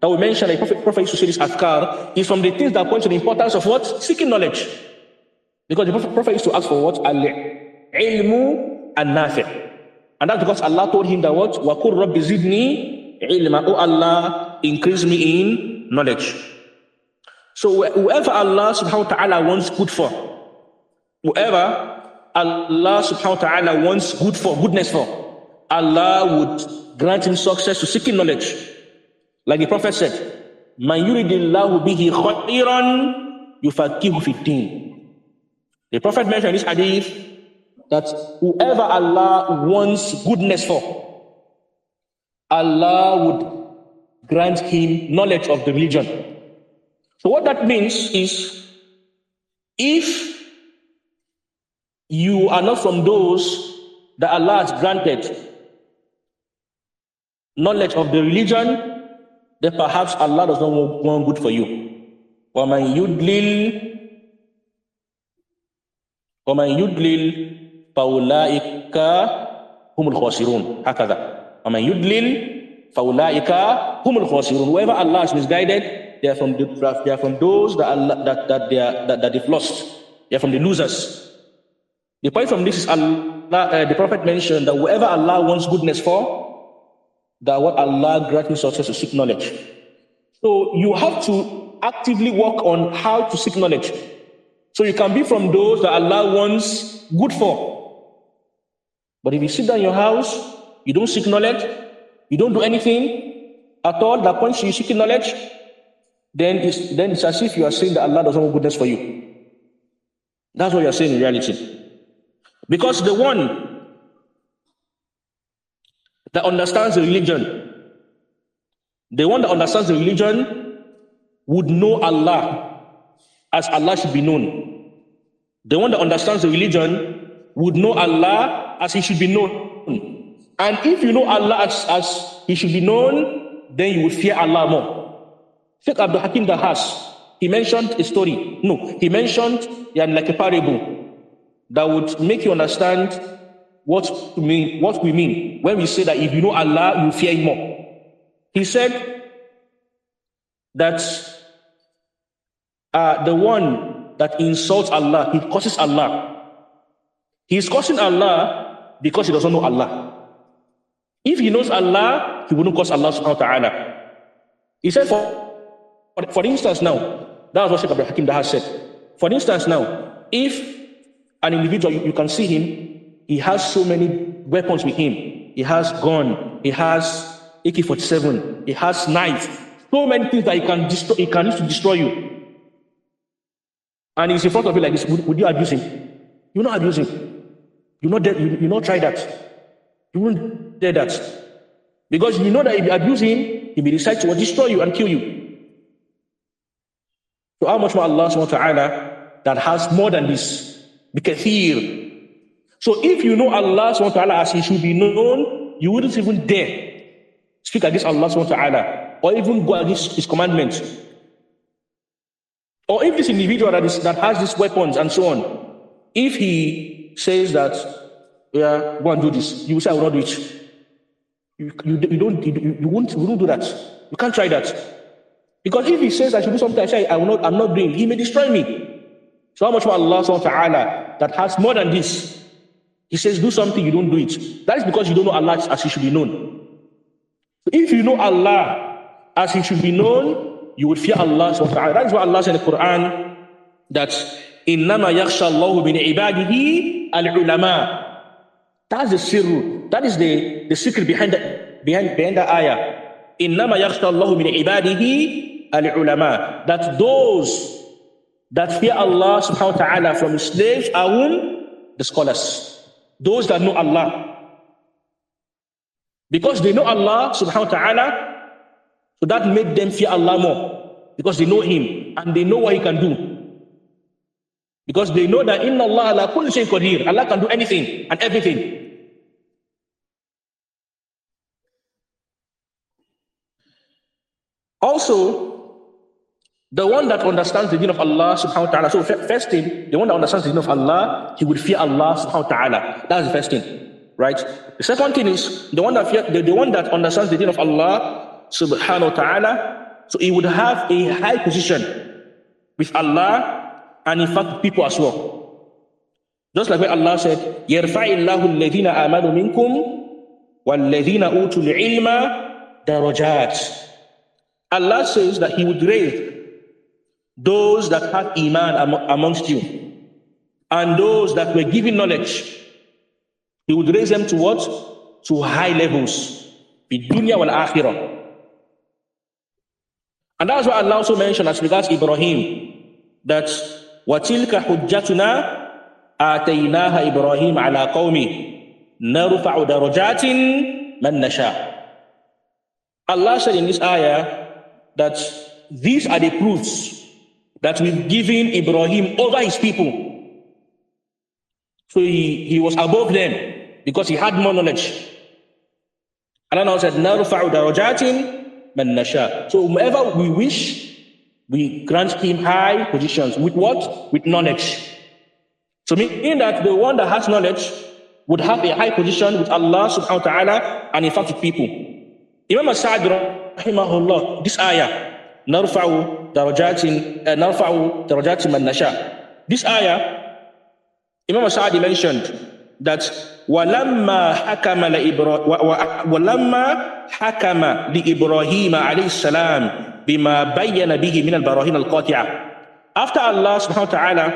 that we mentioned, the Prophet, Prophet used to say this adhkar, is from the things that point to the importance of what? Seeking knowledge. Because the Prophet, Prophet used to ask for what? Al-ilmu an-nafi'. And that's because Allah told him that what? وَقُلْ رَبِّ زِدْنِي ilma. Oh Allah, increase me in knowledge. So whoever Allah subhanahu wa ta'ala wants good for, whoever Allah subhanahu wa ta'ala wants good for goodness for. Allah would grant him success to seeking knowledge. Like the Prophet said, Man yuridillahu bihi khairan yufaqihu fi din. The Prophet mentioned this hadith that whoever Allah wants goodness for, Allah would grant him knowledge of the religion. So what that means is if you are not from those that Allah has granted knowledge of the religion, then perhaps Allah does not want good for you. وَمَنْ يُدْلِلْ وَمَنْ يُدْلِلْ فَأُولَٰئِكَ هُمُ الْخَاسِرُونَ هكذا وَمَنْ يُدْلِلْ فَأُولَٰئِكَ هُمُ الْخَاسِرُونَ Whoever Allah has misguided, they are from, the, they are from those that, Allah, that, that, they are, that, that they've lost. They are from the losers. Apart from this, is Allah, uh, the Prophet mentioned that whoever Allah wants goodness for, that what Allah grants you success to seek knowledge. So you have to actively work on how to seek knowledge. So you can be from those that Allah wants good for. But if you sit down in your house, you don't seek knowledge, you don't do anything at all that points you seeking knowledge, then it's, then it's as if you are saying that Allah doesn't want goodness for you. That's what you're saying in reality. Because the one that understands the religion, the one that understands the religion would know Allah as Allah should be known. The one that understands the religion would know Allah as he should be known. And if you know Allah as, as he should be known, then you will fear Allah more. Sheikh Abdul Hakim Dahas, he mentioned a story. No, he mentioned yeah, like a parable that would make you understand what we mean, what we mean when we say that if you know Allah, you fear Him more. He said that uh, the one that insults Allah, he causes Allah. He is Allah because he doesn't know Allah. If he knows Allah, he wouldn't cause Allah subhanahu wa ta'ala. He said, for, for, instance, now, that's what Sheikh Abdul Hakim Daha said. For instance, now, if an individual, you, you can see him, he has so many weapons with him. He has gun, he has AK-47, he has knife, so many things that he can destroy, he can use to destroy you. And he's in front of you like this. Would, would you abuse him? You're not abusing. You're not, you, you not try that. You won't dare that. Because you know that if you abuse him, he may decide to destroy you and kill you. So how much more Allah subhanahu wa ta'ala that has more than this? بكثير so if you know Allah subhanahu wa ta'ala as he should be known you wouldn't even dare speak against Allah subhanahu wa ta'ala or even go against his commandments or if this individual that, is, that has these weapons and so on if he says that yeah go and do this you say I will not do it you, you, you don't you, you won't you won't do that you can't try that because if he says I should do something I say I will not I'm not doing it he may destroy me so how much more Allah subhanahu wa ta'ala that has more than this? He says, do something, you don't do it. That is because you don't know Allah as he should be known. So if you know Allah as he should be known, you would fear Allah subhanahu wa ta'ala. That is what Allah said in the Quran that إِنَّمَا يَخْشَى اللَّهُ مِنْ عِبَادِهِ الْعُلَمَاءِ That's the sirru. That is the, the secret behind the, behind, behind the ayah. إِنَّمَا يَخْشَى اللَّهُ مِنْ عِبَادِهِ الْعُلَمَاءِ That those that fear Allah subhanahu wa ta'ala from slaves are whom? The scholars. Those that know Allah. Because they know Allah subhanahu wa ta'ala, so that made them fear Allah more. Because they know Him and they know what He can do. Because they know that inna Allah ala kulli Allah can do anything and everything. Also, the one that understands the deen of Allah subhanahu wa ta'ala. So first thing, the one that understands the deen of Allah, he would fear Allah subhanahu wa ta'ala. That's the first thing. Right? The second thing is the one that fear, the, the one that understands the deen of Allah subhanahu wa ta'ala, so he would have a high position with Allah and in fact people as well. Just like when Allah said, يَرْفَعِ اللَّهُ الَّذِينَ آمَنُوا مِنْكُمْ وَالَّذِينَ أُوتُوا الْعِلْمَ دَرَجَاتٍ Allah says that He would raise those that had Iman am amongst you, and those that were given knowledge, He would raise them to what? To high levels. Bidunya wal akhirah. And that's why Allah also mentioned as regards Ibrahim that وَتِلْكَ حُجَّتُنَا آتَيْنَاهَا إِبْرَاهِيمَ عَلَى قَوْمِهِ نَرْفَعُ دَرَجَاتٍ man nashah. Allah said in this ayah that these are the proofs that we've given Ibrahim over his people. So he, he was above them because he had more knowledge. Allah now said, نَرْفَعُ دَرَجَاتٍ مَنْ نَشَاءُ So whomever we wish, we grant him high positions. With what? With knowledge. So meaning that the one that has knowledge would have a high position with Allah subhanahu wa ta'ala and in fact with people. Imam sa rahimahullah, this ayah, نرفع درجات نرفع درجات من نشاء. This ayah, Imam Asadi mentioned that ولما حكم ولما حكم لإبراهيم عليه السلام بما بين به من البراهين القاطعة. After Allah subhanahu wa ta'ala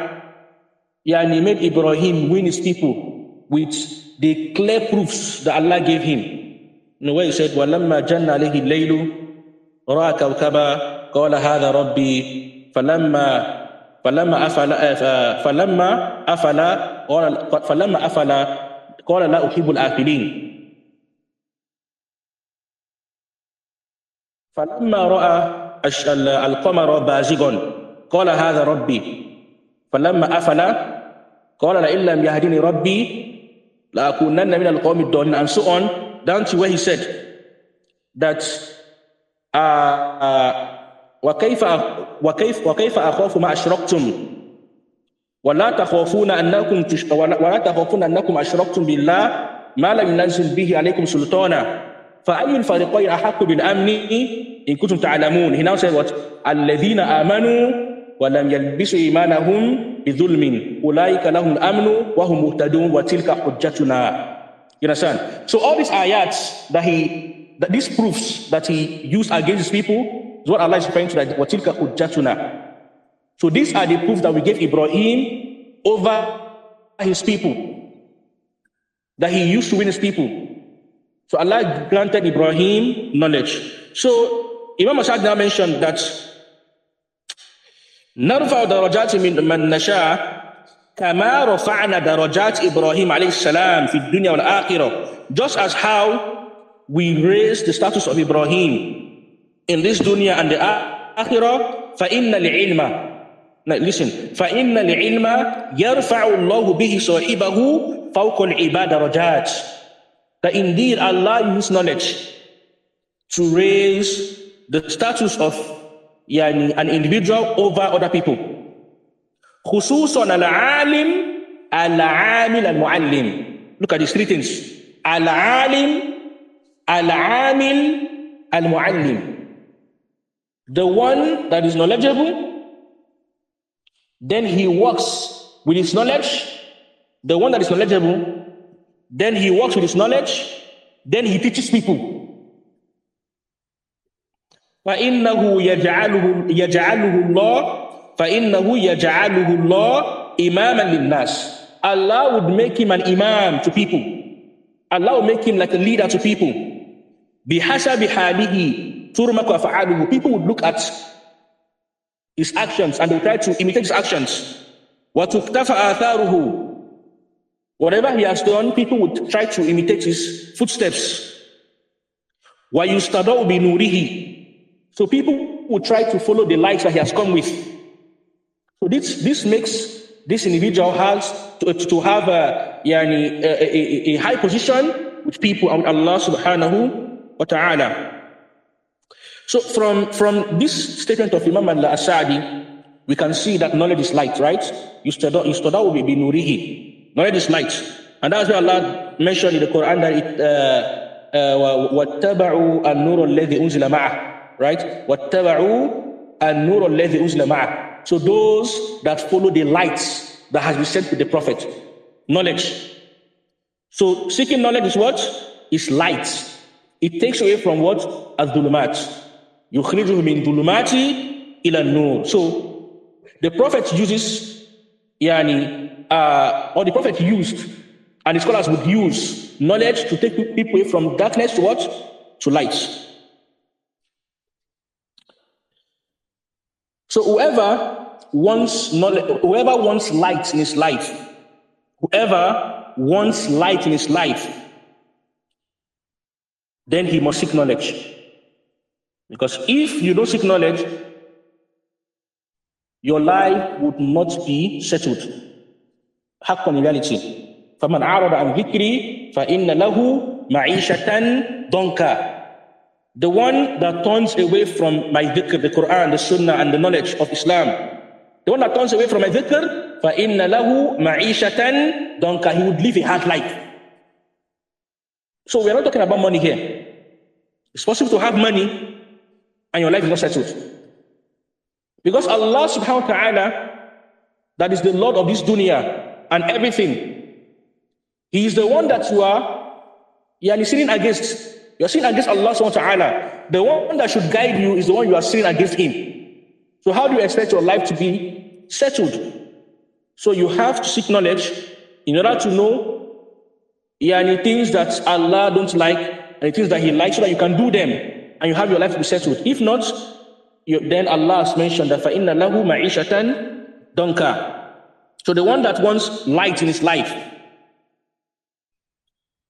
yani made Ibrahim win his people with the clear proofs that Allah gave him. In a way he said, وَلَمَّا جَنَّ عَلَيْهِ اللَّيْلُ راك وكما قال هذا ربي فلما فلما أفل فلما أفل قال فلما أفل قال لا أحب الآكلين فلما رأى القمر بازغا قال هذا ربي فلما أفل قال لئن لم يهدني ربي لأكونن من القوم الضالين and so on down to where he said that آه، وكيف وكيف وكيف اخاف ما اشركتم ولا تخافون انكم ولا تخافون انكم اشركتم بالله ما لم ينزل به عليكم سلطانا فاي الفريقين احق بالامن ان كنتم تعلمون هنا الذين امنوا ولم يلبسوا ايمانهم بظلم اولئك لهم الامن وهم مهتدون وتلك حجتنا You understand? So all these ayats that he That these proofs that he used against his people is what Allah is referring to that watilka hujjatuna. So these are the proofs that we gave Ibrahim over his people, that he used to win his people. So Allah granted Ibrahim knowledge. So Imam Ashad now mentioned that نرفع درجات من من نشاء كما رفعنا درجات إبراهيم عليه السلام في الدنيا والآخرة just as how we raise the status of Ibrahim in this dunya and the akhirah, فَإِنَّ الْعِلْمَ now listen, فَإِنَّ لِعِلْمَ يَرْفَعُ اللَّهُ بِهِ صَاحِبَهُ فَوْقُ الْعِبَادَ رَجَاتِ That indeed Allah uses knowledge to raise the status of yani, an individual over other people. خصوصا العالم العامل المعلم Look at these three things. العالم Al-Amil Al-Mu'allim. The one that is knowledgeable, then he works with his knowledge. The one that is knowledgeable, then he works with his knowledge, then he teaches people. فإنه يجعله يجعله الله فإنه يجعله الله إماما للناس Allah would make him an imam to people. Allah would make him like a leader to people. Bihashabi halihi turmaku afa'aluhu. People would look at his actions and they would try to imitate his actions. Wa tuktafa atharuhu. Whatever he has done, people would try to imitate his footsteps. Wa yustadau bi nurihi. So people would try to follow the light that he has come with. So this, this makes this individual has to, to have a, yani, a, a, a high position with people and Allah subhanahu wa ta'ala. So from, from this statement of Imam al-Asadi, we can see that knowledge is light, right? Yustadaw bi binurihi. Knowledge is light. And that's why Allah mentioned in the Quran that it, وَاتَّبَعُوا النُّورَ الَّذِي أُنزِلَ مَعَهُ Right? وَاتَّبَعُوا النُّورَ الَّذِي أُنزِلَ مَعَهُ So those that follow the light that has been sent to the Prophet. Knowledge. So seeking knowledge is what? Is light. It takes away from what? Adulumat. Yukhrijuhu min dulumati ila nur. So the prophet uses, yani, uh, or the prophet used, and the scholars would use knowledge to take people away from darkness to what? To light. So whoever wants knowledge, whoever wants light in his life, whoever wants light in his life, then he must seek knowledge. Because if you don't seek knowledge, your life would not be settled. حق reality. فمن أعرض عن ذكري فإن له معيشة ضنكا The one that turns away from my dhikr, the Quran, the Sunnah, and the knowledge of Islam. The one that turns away from my dhikr, فَإِنَّ لَهُ مَعِيشَةً دَنْكَ He would live a hard life. So we're not talking about money here. It's possible to have money and your life is not settled. Because Allah subhanahu wa ta'ala, that is the Lord of this dunya and everything, He is the one that you are You are sinning against. You're sinning against Allah subhanahu wa ta'ala. The one that should guide you is the one you are sinning against Him. So, how do you expect your life to be settled? So, you have to seek knowledge in order to know Yani things that Allah don't like, and things that He likes, so that you can do them and you have your life to be settled. If not, you, then Allah has mentioned that فَإِنَّ لَهُ مَعِيشَةً دَنْكَ So the one that wants light in his life,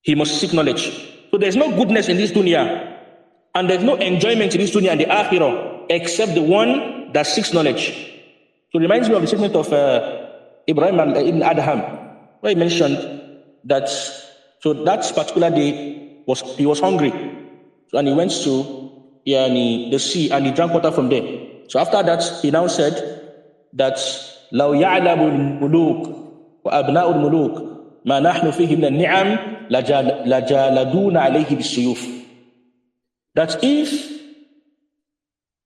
he must seek knowledge. So there's no goodness in this dunya, and there's no enjoyment in this dunya and the akhirah, except the one that seeks knowledge. So it reminds me of the statement of uh, Ibrahim ibn Adham, where he mentioned that so that particular day was he was hungry, so, and he went to yeah, he, the sea and he drank water from there. So after that, he now said that لو يعلم الملوك وأبناء الملوك ما نحن فيه من النعم لجالدون عليه بالسيوف that if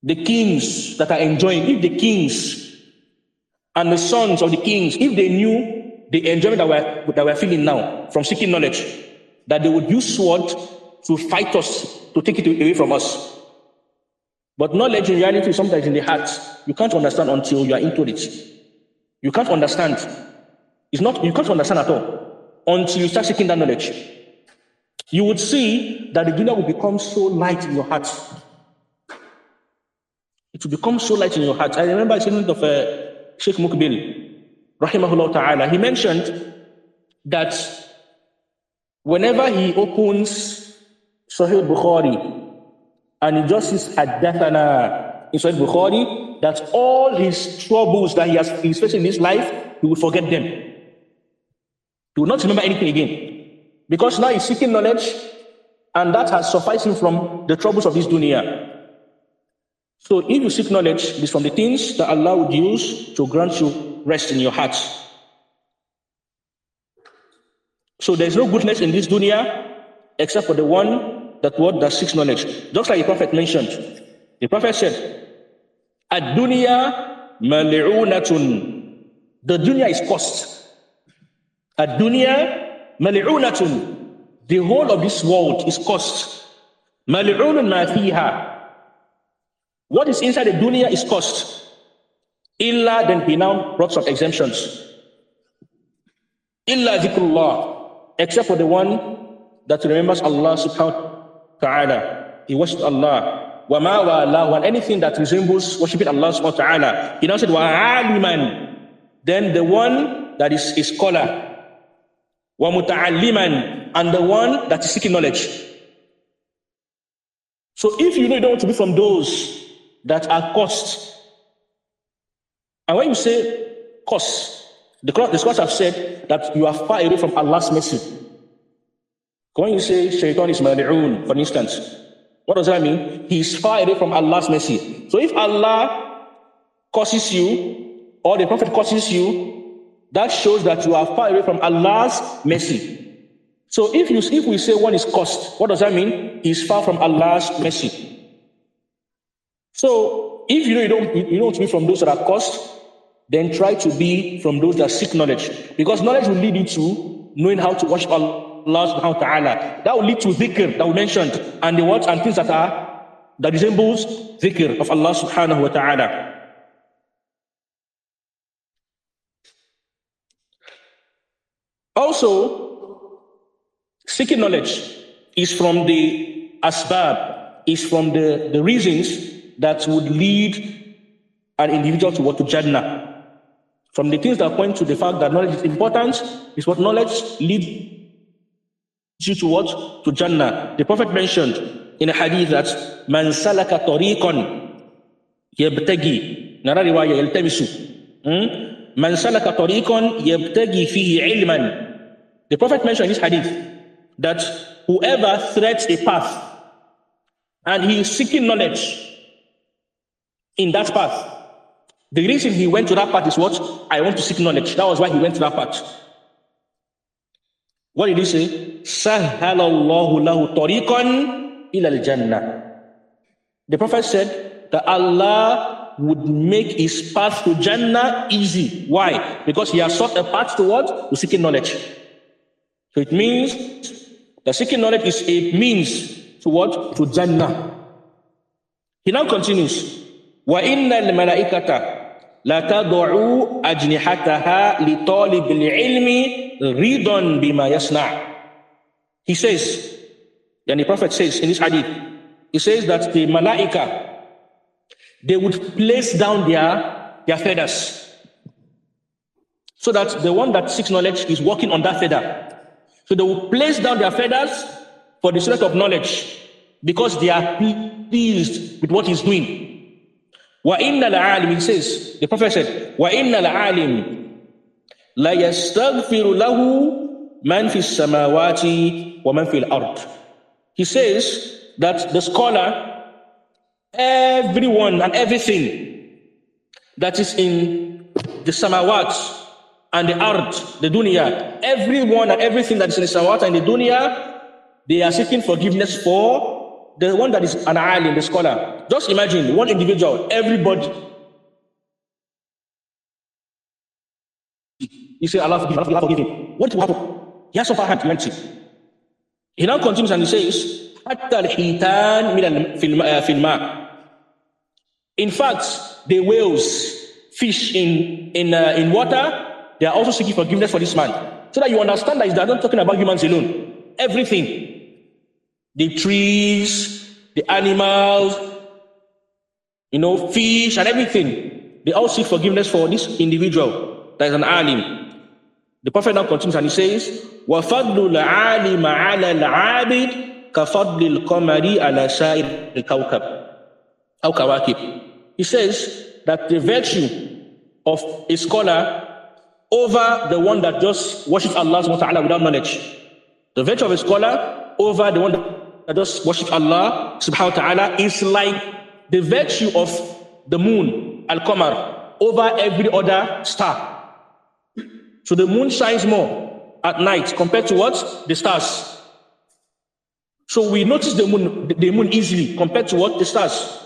the kings that are enjoying, if the kings and the sons of the kings, if they knew the enjoyment that we're, that we're feeling now from seeking knowledge, that they would use sword to fight us, to take it away from us. But knowledge in reality is sometimes in the heart. You can't understand until you are into it. You can't understand. It's not, you can't understand at all until you start seeking that knowledge. You would see that the dinner will become so light in your heart. It will become so light in your heart. I remember a statement of uh, Sheikh Mukbil rahimahullah ta'ala, he mentioned that whenever he opens Sahih Bukhari and he just sees Haddathana in Sahih Bukhari, that all his troubles that he has he's facing in his life, he will forget them. He will not remember anything again. Because now he's seeking knowledge and that has sufficed him from the troubles of this dunya. So if you seek knowledge, it is from the things that Allah would use to grant you rest in your hearts. So there is no goodness in this dunya except for the one that what that seeks knowledge. Just like the Prophet mentioned. The Prophet said, Ad dunya mali'unatun. The dunya is cost. Ad dunya mali'unatun. The whole of this world is cost. Mali'unun ma fiha. What is inside the dunya is cost. Illa then binaun brought some exemptions. Illa dhikrullah, except for the one that remembers Allah subhanahu wa ta'ala. He worships Allah. Wa ma wa Allah. and anything that resembles worshipping Allah subhanahu wa ta'ala. He now said, wa aliman. Then the one that is a scholar. Wa muta'alliman, and the one that is seeking knowledge. So if you know you don't want to be from those that are cursed, and when you say curse, the, the scholars have said that you are far away from Allah's mercy. When you say shaitan is mali'un, for instance, what does that mean? He is far away from Allah's mercy. So if Allah curses you, or the Prophet curses you, that shows that you are far away from Allah's mercy. So if you if we say one is cursed, what does that mean? He is far from Allah's mercy. So if you know you don't you don't be from those that are cursed, then try to be from those that seek knowledge. Because knowledge will lead you to knowing how to worship Allah subhanahu wa ta'ala. That will lead to dhikr that we mentioned and the words and things that are that resembles dhikr of Allah subhanahu wa ta'ala. Also, seeking knowledge is from the asbab, is from the, the reasons that would lead an individual to what to Jannah. From the things that point to the fact that knowledge is important is what knowledge leads you to what? To Jannah. The Prophet mentioned in a hadith that Man salaka tariqan yabtagi. Nara riwaya yaltamisu. Hmm? Man salaka tariqan yabtagi fihi ilman. The Prophet mentioned in this hadith that whoever threads a path and he is seeking knowledge in that path, the reason he went to that part is what? I want to seek knowledge. That was why he went to that part. What did he say? Sahalallahu lahu tariqan jannah. The Prophet said that Allah would make his path to Jannah easy. Why? Because he has sought a path towards To seeking knowledge. So it means that seeking knowledge is a means towards To Jannah. He now continues. وَإِنَّ الْمَلَائِكَةَ لا تضعوا أجنحتها لطالب العلم رضا بما يصنع He says, and the Prophet says in this hadith, he says that the malaika, they would place down their, their feathers so that the one that seeks knowledge is working on that feather. So they will place down their feathers for the sake of knowledge because they are pleased with what he's doing. Wa inna alim it says, the Prophet said, Wa inna alim la yastaghfiru lahu man samawati wa man fil ard. He says that the scholar, everyone and everything that is in the samawat and the ard, the dunya, everyone and everything that is in the samawat and the dunya, they are seeking forgiveness for the one that is an alim, the scholar, just imagine one individual, everybody. You say, Allah forgive him, Allah forgive him. What will happen? He has suffered humanity. He now continues and he says, حتى الحيتان eh, In fact, the whales, fish in, in, uh, in water, they are also seeking forgiveness for this man. So that you understand that he's not talking about humans alone. Everything the trees, the animals, you know, fish and everything. They all seek forgiveness for this individual that is an alim. The Prophet now continues and he says, وَفَضْلُ الْعَالِمَ عَلَى الْعَابِدِ كَفَضْلِ الْقَمَرِ عَلَى سَائِرِ الْكَوْكَبِ أو كواكب. He says that the virtue of a scholar over the one that just worships Allah without knowledge. The virtue of a scholar over the one that that just worship Allah subhanahu wa ta'ala is like the virtue of the moon, Al Qamar, over every other star. So the moon shines more at night compared to what? The stars. So we notice the moon, the moon easily compared to what? The stars.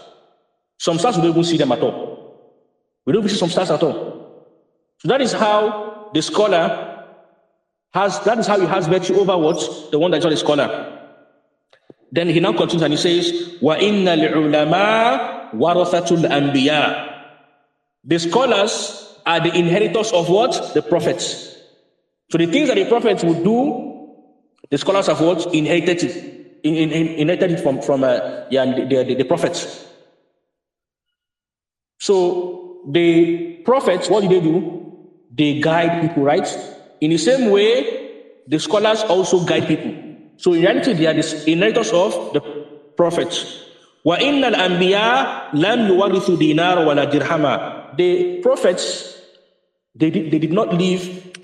Some stars we don't even see them at all. We don't even see some stars at all. So that is how the scholar has, that is how he has virtue over what? The one that is not a scholar. Then he now continues and he says, Wa inna ulama warathatul anbiya. The scholars are the inheritors of what? The prophets. So the things that the prophets would do, the scholars have what? Inherited it. In, in, in, inherited it from, from uh, yeah, the, the, the prophets. So the prophets, what do they do? They guide people, right? In the same way, the scholars also guide people. So in reality, they are the inheritors of the prophets. The prophets, they did, they did not leave